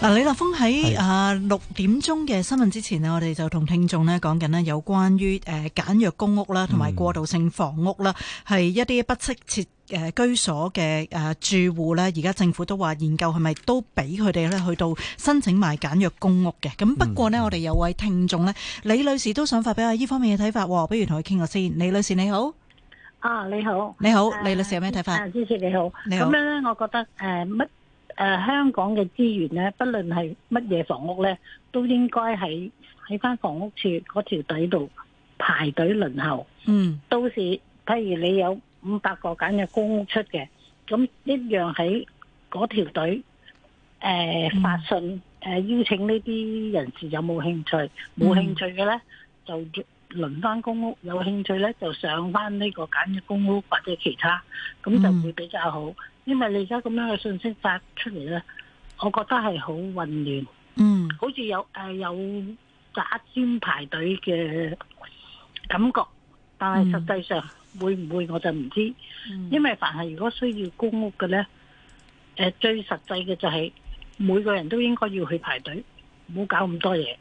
嗱，李立峰喺啊六點鐘嘅新聞之前咧，我哋就同聽眾咧講緊咧有關於誒簡約公屋啦，同埋過渡性房屋啦，係一啲不適切誒居所嘅誒住戶咧，而家政府都話研究係咪都俾佢哋咧去到申請埋簡約公屋嘅。咁不過咧，我哋有位聽眾咧，李女士都想發表呢方面嘅睇法，不如同佢傾下先。李女士你好，啊你好，你好，李女士有咩睇法？啊，先生你好，你好。咁咧，我覺得誒乜？誒香港嘅資源咧，不論係乜嘢房屋咧，都應該喺喺翻房屋處署嗰條隊度排隊輪候。嗯，到時譬如你有五百個簡約公屋出嘅，咁一樣喺嗰條隊誒發信誒邀請呢啲人士有冇興趣？冇興趣嘅咧就輪翻公屋，有興趣咧就上翻呢個簡約公屋或者其他，咁就會比較好。因為你而家咁樣嘅信息發出嚟咧，我覺得係、mm. 好混亂，嗯、呃，好似有誒有打尖排隊嘅感覺，但係實際上會唔會我就唔知道，mm. 因為凡係如果需要公屋嘅咧，誒、呃、最實際嘅就係每個人都應該要去排隊，唔好搞咁多嘢。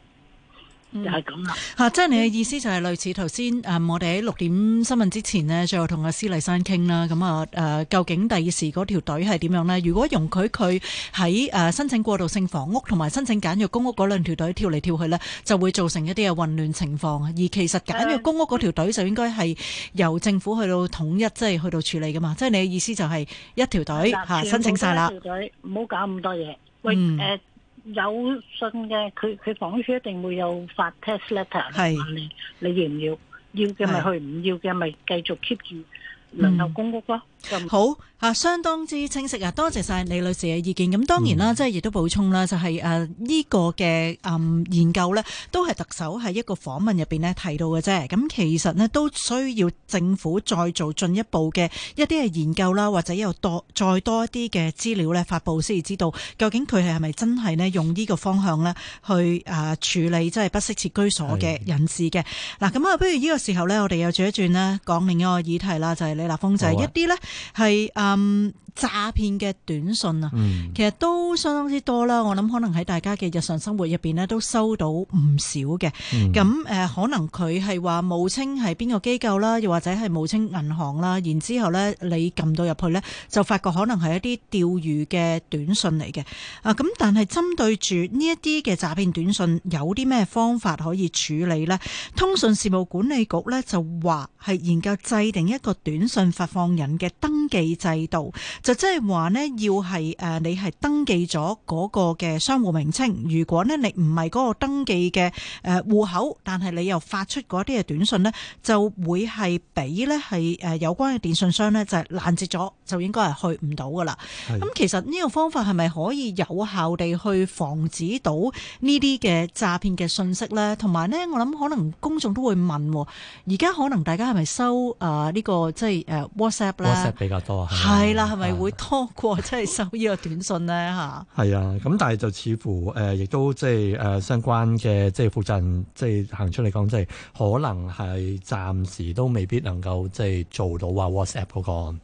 嗯，係咁啦。嚇，即係你嘅意思就係類似頭先誒，我哋喺六點新聞之前咧，最後同阿施麗珊傾啦。咁啊誒，究竟第二時嗰條隊係點樣咧？如果容許佢喺誒申請過渡性房屋同埋申請簡約公屋嗰兩條隊跳嚟跳去咧，就會造成一啲嘅混亂情況。而其實簡約公屋嗰條隊就應該係由政府去到統一，即係去到處理噶嘛。即係你嘅意思就係一條隊吓，申請晒啦。一條隊，唔好搞咁多嘢。嗯。有信嘅，佢佢房署一定會有發 test letter 問你，你要唔要？要嘅咪去，唔要嘅咪繼續 keep 住輪候公屋咯。嗯。嗯、好啊，相當之清晰啊！多謝晒李女士嘅意見。咁當然啦，即係亦都補充啦，就係誒呢個嘅誒、嗯、研究呢，都係特首喺一個訪問入邊呢提到嘅啫。咁其實呢，都需要政府再做進一步嘅一啲嘅研究啦，或者有多再多一啲嘅資料呢，發佈，先至知道究竟佢係係咪真係呢用呢個方向呢去誒、啊、處理即係不適切居所嘅人士嘅。嗱咁啊，不如呢個時候呢，我哋又轉一轉咧，講另一個議題啦，就係、是、李立峰就係、是、一啲呢。係嗯。Um 詐騙嘅短訊啊、嗯，其實都相當之多啦。我諗可能喺大家嘅日常生活入面呢，都收到唔少嘅。咁、嗯呃、可能佢係話冒稱係邊個機構啦，又或者係冒稱銀行啦。然之後呢，你撳到入去呢，就發覺可能係一啲釣魚嘅短訊嚟嘅。啊，咁但係針對住呢一啲嘅詐騙短訊，有啲咩方法可以處理呢？通訊事務管理局呢，就話係研究制定一個短訊發放人嘅登記制度。就即係話咧，要係誒你係登記咗嗰個嘅商戶名稱，如果咧你唔係嗰個登記嘅誒戶口，但係你又發出嗰啲嘅短信咧，就會係俾咧係誒有關嘅電信商咧就係攔截咗，就應該係去唔到噶啦。咁其實呢個方法係咪可以有效地去防止到呢啲嘅詐騙嘅信息咧？同埋咧，我諗可能公眾都會問，而家可能大家係咪收誒呢個即係誒 WhatsApp 咧？WhatsApp 比較多啊，係啦，係咪？ 會拖過即係、就是、收呢個短信咧吓？係 啊，咁但係就似乎亦、呃、都即、就、係、是呃、相關嘅即係負責人即係行出嚟講，即係可能係暫時都未必能夠即係做到話、啊、WhatsApp 嗰、那個。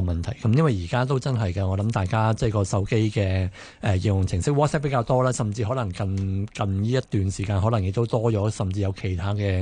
咁，因為而家都真係嘅，我諗大家即係個手機嘅誒應用程式 WhatsApp 比較多啦，甚至可能近近呢一段時間，可能亦都多咗，甚至有其他嘅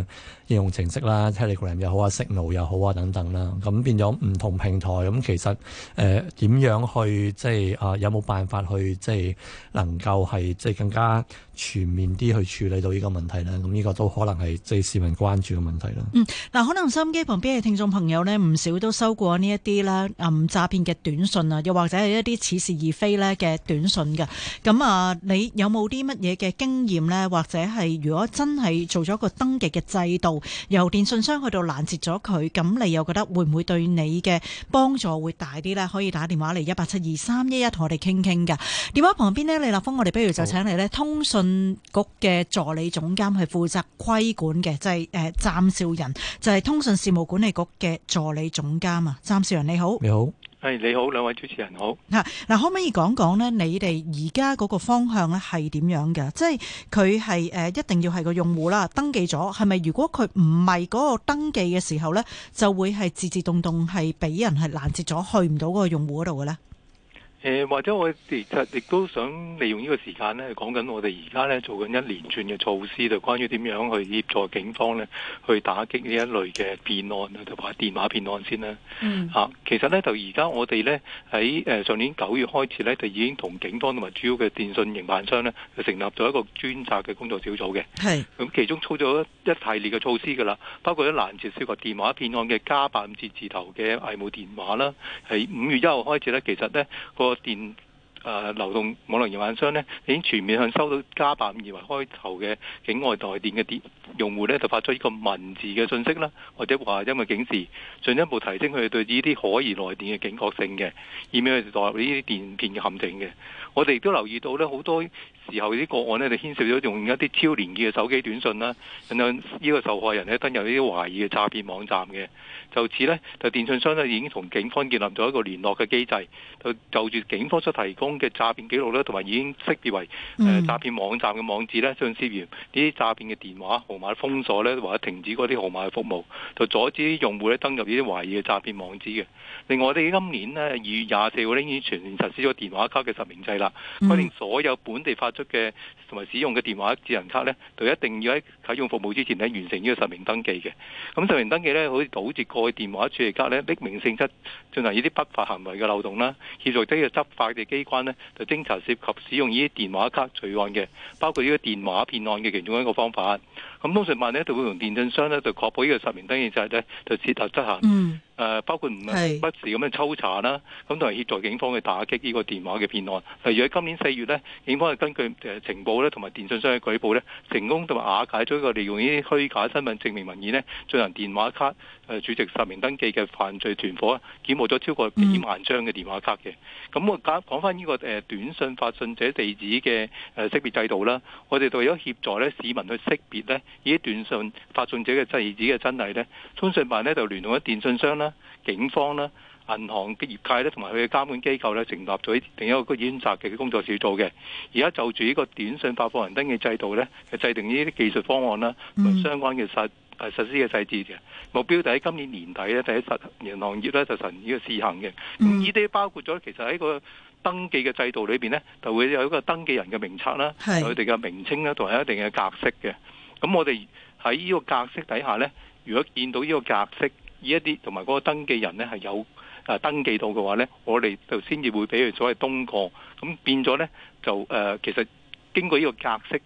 應用程式啦，Telegram 又好啊，Signal 又好啊等等啦，咁變咗唔同平台咁，其實誒點、呃、樣去即係啊有冇辦法去即係能夠係即係更加全面啲去處理到呢個問題呢？咁呢個都可能係即係市民關注嘅問題啦。嗯，嗱，可能收音機旁邊嘅聽眾朋友呢，唔少都收過呢一啲啦。暗詐騙嘅短信啊，又或者係一啲似是而非咧嘅短信嘅，咁啊，你有冇啲乜嘢嘅經驗呢？或者係如果真係做咗個登記嘅制度，由電信商去到攔截咗佢，咁你又覺得會唔會對你嘅幫助會大啲呢？可以打電話嚟一八七二三一一同我哋傾傾㗎。電話旁邊呢，李立峰，我哋不如就請嚟呢，通訊局嘅助理總監去負責規管嘅，就係誒湛兆仁，就係、是、通訊事務管理局嘅助理總監啊，湛兆仁，你好。好，係你好，兩位主持人好。吓，嗱，可唔可以講講咧？你哋而家嗰個方向咧係點樣嘅？即係佢係誒，一定要係個用戶啦，登記咗係咪？是不是如果佢唔係嗰個登記嘅時候咧，就會係自自動動係俾人係攔截咗，去唔到個用戶嗰度嘅咧。誒或者我其實亦都想利用呢個時間咧，講緊我哋而家咧做緊一連串嘅措施，就關於點樣去協助警方咧，去打擊呢一類嘅騙案啊，就話電話騙案先啦。嗯。啊，其實呢，就而家我哋呢，喺誒上年九月開始呢，就已經同警方同埋主要嘅電信營辦商呢，就成立咗一個專責嘅工作小組嘅。係。咁其中操作咗一系列嘅措施噶啦，包括一攔截涉涉及電話騙案嘅加八五二字頭嘅偽冒電話啦，喺五月一號開始呢，其實呢。個。個電誒流動網絡運營商呢，已經全面向收到加八五二為開頭嘅境外來電嘅電用戶呢，就發出一個文字嘅信息啦，或者話因為警示，進一步提升佢哋對呢啲可疑來電嘅警覺性嘅，以免佢哋代入呢啲電騙嘅陷阱嘅。我哋亦都留意到咧，好多時候啲個案咧就牽涉咗用一啲超連結嘅手機短信，啦，然後呢個受害人咧登入呢啲懷疑嘅詐騙網站嘅。就此咧，就電信商咧已經同警方建立咗一個聯絡嘅機制，就就住警方所提供嘅詐騙記錄咧，同埋已經識別為誒詐騙網站嘅網址咧、涉嫌呢啲詐騙嘅電話號碼封鎖咧，或者停止嗰啲號碼嘅服務就阻止啲用戶咧登入呢啲懷疑嘅詐騙網址嘅。另外，我哋今年咧二月廿四號咧已經全面實施咗電話卡嘅實名制。啦，規定所有本地發出嘅同埋使用嘅電話智能卡呢，就一定要喺啟用服務之前呢，完成呢個實名登記嘅。咁實名登記呢，好似導致過去電話儲值卡呢，匿名性質，進行呢啲不法行為嘅漏洞啦。協助呢個執法嘅機關呢，就偵查涉及使用呢啲電話卡罪案嘅，包括呢個電話騙案嘅其中一個方法。咁通訊辦呢，就會同電訊商呢，就確保呢個實名登記制呢，就徹底執行。嗯。包括唔係不時咁樣抽查啦，咁同埋協助警方去打擊呢個電話嘅騙案。例如喺今年四月呢，警方係根據情報。同埋電信商嘅舉報咧，成功同埋瓦解咗一個利用呢啲虛假身份證明文件咧，進行電話卡誒主席實名登記嘅犯罪團伙，檢獲咗超過幾萬張嘅電話卡嘅。咁我講講返呢個誒短信發信者地址嘅誒識別制度啦，我哋為咗協助咧，市民去識別呢啲短信發信者嘅地址嘅真偽呢，通訊辦呢就聯同咗電信商啦、警方啦。銀行嘅業界咧，同埋佢嘅監管機構咧，成立咗另一,一個選擇嘅工作小組嘅。而家就住呢個短信發放人登記制度咧，係制定呢啲技術方案啦同，嗯、相關嘅實誒施嘅細節嘅目標，就喺今年年底咧，就喺實銀行業咧就實呢個試行嘅。咁呢啲包括咗其實喺個登記嘅制度裏邊咧，就會有一個登記人嘅名冊啦，佢哋嘅名稱啦同埋一定嘅格式嘅。咁我哋喺呢個格式底下咧，如果見到呢個格式呢一啲同埋嗰個登記人咧係有。誒、啊、登記到嘅話咧，我哋就先至會俾佢所謂通過，咁變咗咧就誒、呃，其實經過呢個格式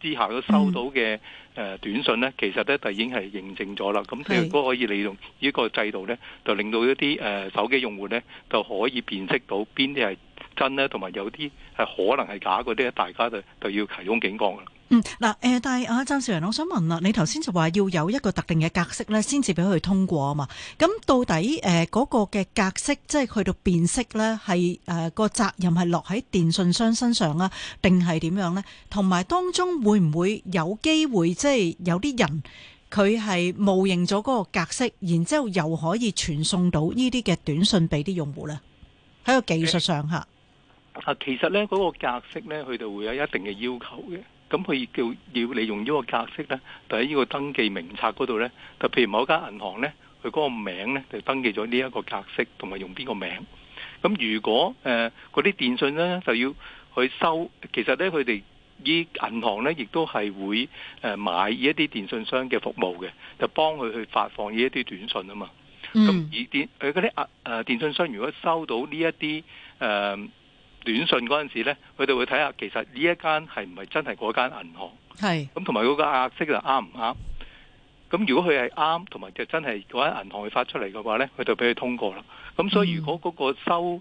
之下，都收到嘅誒、嗯呃、短信咧，其實咧就已經係認證咗啦。咁如果可以利用呢個制度咧，就令到一啲誒、呃、手機用戶咧就可以辨識到邊啲係真咧，同埋有啲係可能係假嗰啲咧，大家就就要提高認警覺㗎啦。嗯，嗱，誒，但係阿湛兆仁，我想問啦，你頭先就話要有一個特定嘅格式咧，先至俾佢通過啊嘛。咁到底誒嗰個嘅格式，即係去到辨識咧，係誒個責任係落喺電信商身上啊，定係點樣咧？同埋當中會唔會有機會，即係有啲人佢係冒認咗嗰個格式，然之後又可以傳送到呢啲嘅短信俾啲用戶咧？喺個技術上吓，啊，其實咧嗰個格式咧，佢就會有一定嘅要求嘅。咁佢叫要利用呢個格式咧，就喺呢個登記名冊嗰度咧，就譬如某間銀行咧，佢嗰個名咧就登記咗呢一個格式，同埋用邊個名。咁如果誒嗰啲電信咧，就要去收。其實咧，佢哋呢銀行咧，亦都係會誒買呢一啲電信商嘅服務嘅，就幫佢去發放呢一啲短訊啊嘛。咁而電誒嗰啲電信商，如果收到呢一啲誒。呃短訊嗰陣時呢，佢哋會睇下其實呢一間係唔係真係嗰間銀行，係咁，同埋嗰個格式又啱唔啱？咁如果佢係啱，同埋就真係嗰間銀行佢發出嚟嘅話呢，佢就俾佢通過啦。咁所以如果嗰個收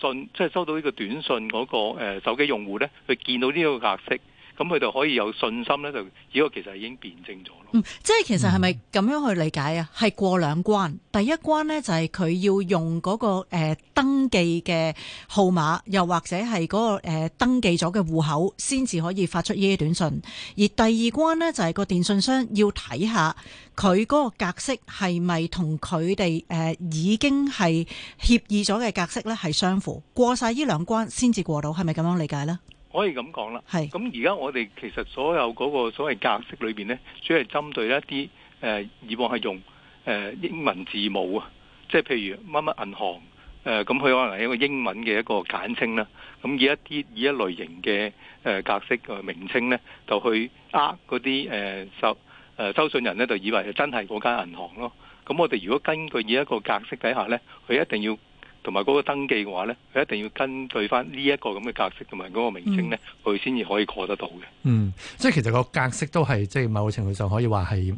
信，即、嗯、係、就是、收到呢個短訊嗰個誒手機用戶呢，佢見到呢個格式。咁佢就可以有信心咧，就呢個其實已經辨證咗咯。嗯，即係其實係咪咁樣去理解啊？係、嗯、過兩關，第一關咧就係、是、佢要用嗰、那個誒、呃、登記嘅號碼，又或者係嗰、那個誒、呃、登記咗嘅戶口，先至可以發出呢啲短訊。而第二關咧就係、是、個電訊商要睇下佢嗰個格式係咪同佢哋誒已經係協議咗嘅格式咧係相符。過晒呢兩關先至過到，係咪咁樣理解咧？可以咁講啦，咁而家我哋其實所有嗰個所謂格式裏邊咧，主要係針對一啲誒以往係用誒英文字母啊，即係譬如乜乜銀行誒，咁佢可能係一個英文嘅一個簡稱啦。咁以一啲以一類型嘅誒格式嘅名稱咧，就去呃嗰啲誒收誒收信人咧，就以為係真係嗰間銀行咯。咁我哋如果根據以一個格式底下咧，佢一定要。同埋嗰個登記嘅話咧，佢一定要根據翻呢一個咁嘅格式同埋嗰個名稱咧，佢先至可以過得到嘅。嗯，即係其實個格式都係即係某個程度上可以話係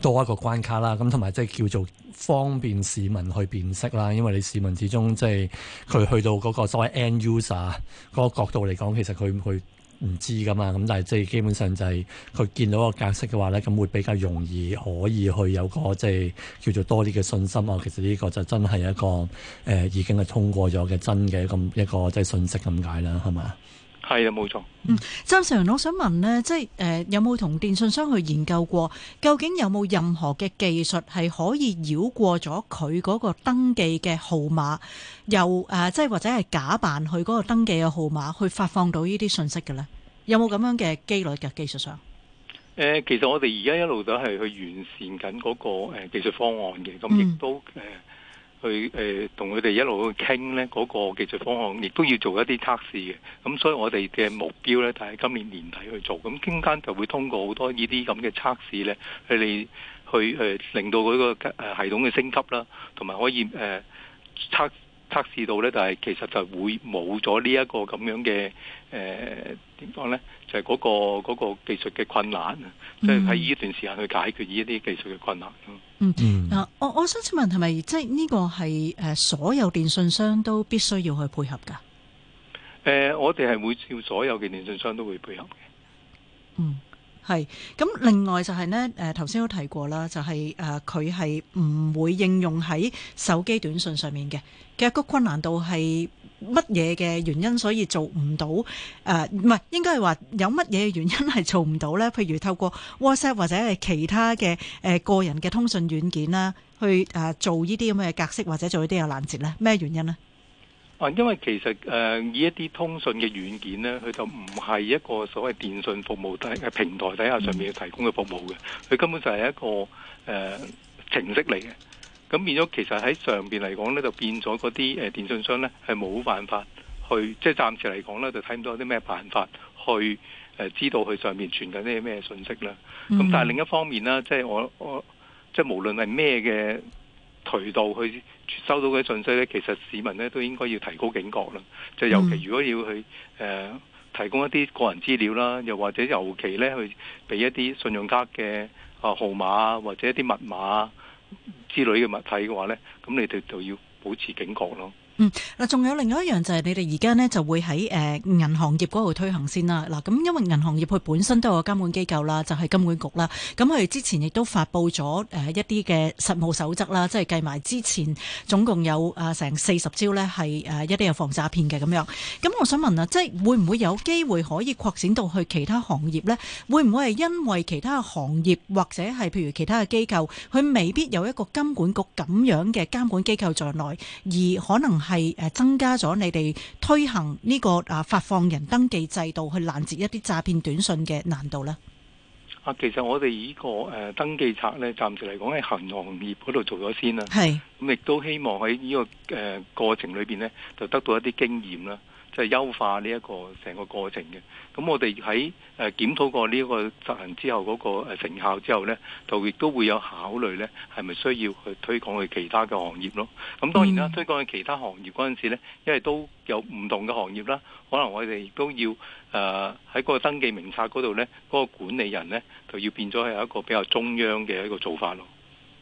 多一個關卡啦。咁同埋即係叫做方便市民去辨識啦。因為你市民始終即係佢去到嗰個所謂 end user 嗰個角度嚟講，其實佢佢。唔知㗎嘛，咁但係即係基本上就係佢見到個格式嘅話咧，咁會比較容易可以去有個即係叫做多啲嘅信心啊。其實呢個就真係一個誒已經係通過咗嘅真嘅一個一個即係信息咁解啦，係嘛？係啊，冇錯。嗯，湛、嗯、生，我想問呢，即係誒、呃，有冇同電信商去研究過，究竟有冇任何嘅技術係可以繞過咗佢嗰個登記嘅號碼，又誒、呃，即係或者係假扮佢嗰個登記嘅號碼去發放到呢啲信息嘅呢？有冇咁樣嘅機率嘅技術上？誒、呃，其實我哋而家一路都係去完善緊、那、嗰個誒、呃、技術方案嘅，咁亦都誒。嗯去誒同佢哋一路去傾咧，嗰、那個技術方案亦都要做一啲測試嘅。咁所以我哋嘅目標咧，就係、是、今年年底去做。咁期間就會通過好多呢啲咁嘅測試咧，佢哋去誒、呃、令到嗰個系統嘅升級啦，同埋可以誒、呃、測。測試到呢，就係其實就會冇咗呢一個咁樣嘅，誒，點講呢？就係嗰個個技術嘅困難啊！即係喺呢段時間去解決呢啲技術嘅困難。嗯，嗯，我我想請問係咪即係呢個係誒所有電信商都必須要去配合噶？誒、呃，我哋係會照所有嘅電信商都會配合嘅。嗯。係，咁另外就係呢，誒頭先都提過啦，就係誒佢係唔會應用喺手機短訊上面嘅。其實個困難度係乜嘢嘅原因，所以做唔到？誒唔係應該係話有乜嘢原因係做唔到咧？譬如透過 WhatsApp 或者係其他嘅誒個人嘅通訊軟件啦，去誒做呢啲咁嘅格式或者做呢啲嘅攔截咧，咩原因咧？啊，因為其實誒以一啲通訊嘅軟件咧，佢就唔係一個所謂電信服務底嘅平台底下上面要提供嘅服務嘅，佢根本就係一個誒程式嚟嘅。咁變咗其實喺上邊嚟講咧，就變咗嗰啲誒電信商咧係冇辦法去，即係暫時嚟講咧就睇唔到有啲咩辦法去誒知道佢上面傳緊啲咩信息啦。咁但係另一方面啦，即係我我即係無論係咩嘅渠道去收到嘅信息咧，其實市民咧都應該要提高警覺啦。就尤其如果要去誒、呃、提供一啲個人資料啦，又或者尤其咧去俾一啲信用卡嘅啊號碼或者一啲密碼之類嘅物體嘅話咧，咁你哋就要保持警覺咯。嗯，嗱，仲有另外一樣就係你哋而家咧就會喺誒銀行業嗰度推行先啦。嗱，咁因為銀行業佢本身都有監管機構啦，就係金管局啦。咁佢哋之前亦都發布咗誒一啲嘅實務守則啦，即係計埋之前總共有啊成、呃、四十招咧係誒一啲有防詐騙嘅咁樣。咁我想問啊，即係會唔會有機會可以擴展到去其他行業咧？會唔會係因為其他行業或者係譬如其他嘅機構，佢未必有一個金管局咁樣嘅監管機構在內，而可能？係誒，增加咗你哋推行呢個啊發放人登記制度，去攔截一啲詐騙短訊嘅難度咧。啊，其實我哋呢個誒登記冊咧，暫時嚟講喺銀行業嗰度做咗先啦。係，咁亦都希望喺呢個誒過程裏邊呢，就得到一啲經驗啦。就係優化呢一個成個過程嘅，咁我哋喺誒檢討過呢個執行之後嗰個成效之後呢，就亦都會有考慮呢係咪需要去推廣去其他嘅行業咯。咁當然啦，推廣去其他行業嗰陣時咧，因為都有唔同嘅行業啦，可能我哋亦都要誒喺個登記名冊嗰度呢，嗰個管理人呢，就要變咗係一個比較中央嘅一個做法咯。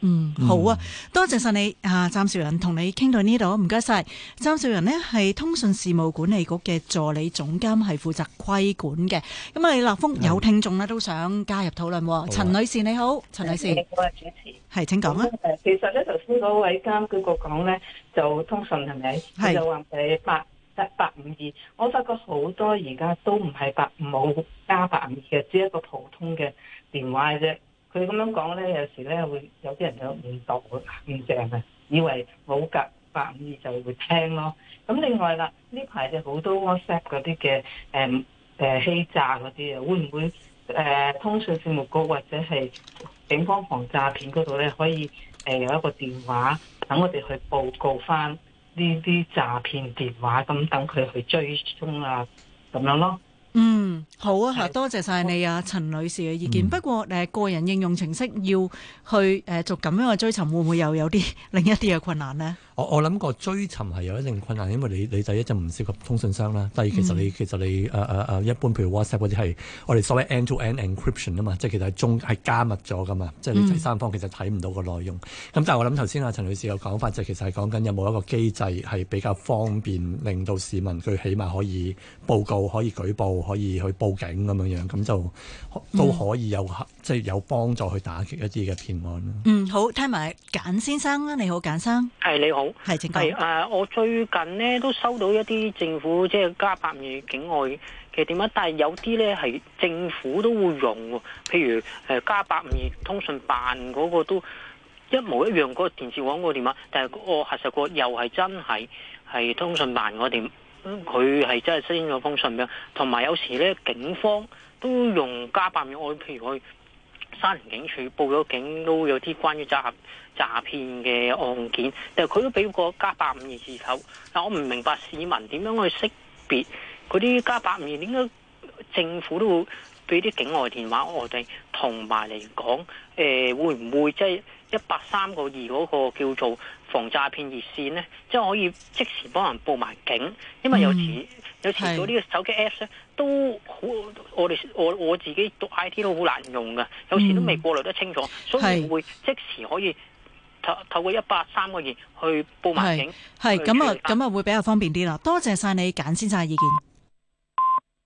嗯，好啊，嗯、多謝晒你啊，湛兆仁，同你傾到呢度，唔該晒。湛兆仁呢係通訊事務管理局嘅助理總監，係負責規管嘅。咁啊，立峰有聽眾呢、嗯、都想加入討論。陳、啊、女士你好，陳女士，嗯、我係主持，係請講啊、嗯。其實呢，頭先嗰位監管局講呢，就通訊係咪？係就話係八八五二。我發覺好多而家都唔係八五，冇加八五二嘅，只係一個普通嘅電話嘅啫。佢咁樣講咧，有時咧會有啲人就有誤導、誤正啊，以為冇隔八五二就會聽咯。咁另外啦，呢排就好多 WhatsApp 嗰啲嘅誒誒欺詐嗰啲啊，會唔會誒、嗯、通訊事務局或者係警方防詐騙嗰度咧，可以誒、嗯、有一個電話等我哋去報告翻呢啲詐騙電話，咁等佢去追蹤啊咁樣咯。嗯，好啊嚇，多謝晒你啊，陳女士嘅意見。嗯、不過誒、呃，個人應用程式要去誒做咁樣嘅追尋，會唔會又有啲另一啲嘅困難呢？我我諗過追尋係有一定困難，因為你你第一就唔涉及通訊商啦。第二、嗯，其實你, uh, uh, uh, end -end 你其實你誒誒誒一般，譬如 WhatsApp 嗰啲係我哋所謂 end-to-end encryption 啊嘛，即係其實係中係加密咗噶嘛，即係你第三方其實睇唔到個內容。咁、嗯、但係我諗頭先阿陳女士有講法就係、其實係講緊有冇一個機制係比較方便，令到市民佢起碼可以報告、可以舉報、可以去報警咁樣樣，咁就都可以有、嗯、即係有幫助去打擊一啲嘅騙案啦。嗯，好，聽埋簡先生啦，你好，簡生，係、hey, 你好。係係，誒、呃，我最近咧都收到一啲政府即係加八五二境外嘅電話，但係有啲咧係政府都會用，譬如誒、呃、加八五二通訊辦嗰個都一模一樣嗰個電視網嗰個電話，但係我核實過又係真係係通訊辦嗰點，佢係真係收咗封信俾我。同埋有,有時咧警方都用加八五二外，譬如佢。沙田警署報咗警都有啲關於詐騙嘅案件，但係佢都俾個加八五二字頭，但我唔明白市民點樣去識別嗰啲加八五二？點解政府都會俾啲境外電話我哋？同埋嚟講，誒、呃、會唔會即係一百三個二嗰個叫做？防詐騙熱線呢，即係可以即時幫人報埋警，因為有時、嗯、有時做呢個手機 Apps 咧都好，我哋我我自己讀 IT 都好難用噶，有時都未過濾得清楚，所以會即時可以透、嗯、透過一百三個月去報埋警，係咁啊，咁啊會比較方便啲啦。多謝晒你簡先生嘅意見。